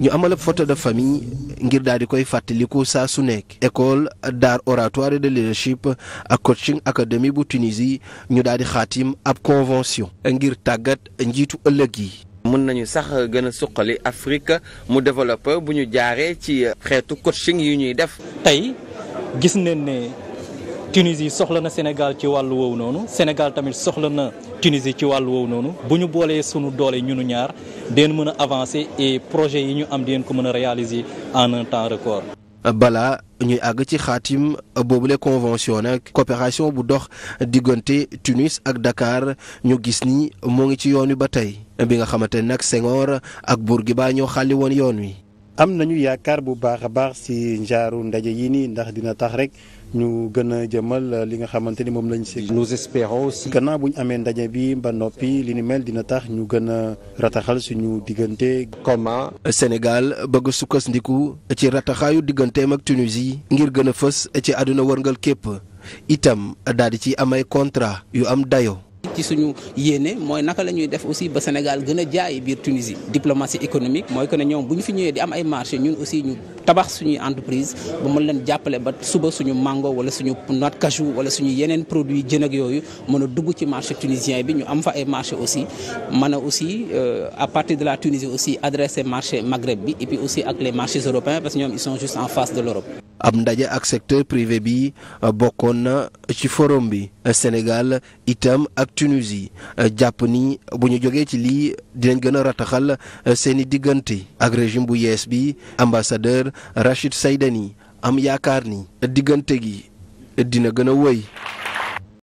ñu amal ab photo de famille ngir daal di koy fàttaliku saa su nekk école d'art oratoire et de leadership ak coaching académie bu Tunisie ñu daal di xaatim ab convention ngir tàggat njiitu ëllëg yi. mën nañu sax gën a suqali Afrique mu développé bu ñu jaaree ci xeetu coaching yi ñuy def. tey gis nañ ne. Tunisie soxla na Sénégal ci wàllu woowu noonu Sénégal tamit soxla na Tunisie ci wàllu woowu noonu bu ñu boolee sunu doole ñunu ñaar den mën a avancer et projet yi ñu am deen ko mën a réaliser en un temps record. balaa ñuy àgg ci xaatim boobule convention nag coopération bu dox diggante Tunis ak Dakar ñu gis nii moo ngi ci yoon wi ba tey bi nga xamante nag Senghor ak baa ñoo xàlli woon yoon wi. am nañu yaakaar bu baax a baax si njaaru ndaje yi nii ndax dina tax rek ñu gën a jëmal euh, li nga xamante ni moom lañ si. nous espérons aussi. gannaaw bu ñu amee ndaje bi ba noppi li ni mel dina tax ñu gën a rataxal suñu diggante. comment. Sénégal bëgg a sukkandiku ci rataxaayu digganteem ak Tunisie ngir gën a fës ci àdduna wërngal képp itam daal di ci amay contrat yu am dayo ci suñu yéene mooy naka la ñuy def aussi ba Sénégal gën a jaay biir Tunisie diplomatie économique mooy que ne ñoom bu ñu fi ñëwee di am ay marché ñun aussi ñu tabax suñuy entreprise ba mën leen jàppale ba suba suñu mango wala suñu not de wala suñu yeneen produit jën ak yooyu mana dugg ci marché tunisien bi ñu am fa ay marché aussi mën a aussi euh, à partir de la Tunisie aussi adressé marché Maghreb bi et puis aussi ak les marchés européens parce que ñoom ils sont en face de l'Europe ab ndaje ak secteur privé bi euh, bokkoon na ci forum bi euh, Sénégal itam ak Tunisie euh, jàpp ni bu ñu jógee ci lii dinañ gën a rataxal seeni diggante ak régime bu yees bi ambassadeur Rachid Saydani am yaakaar ni diggante gi dina gën a wëy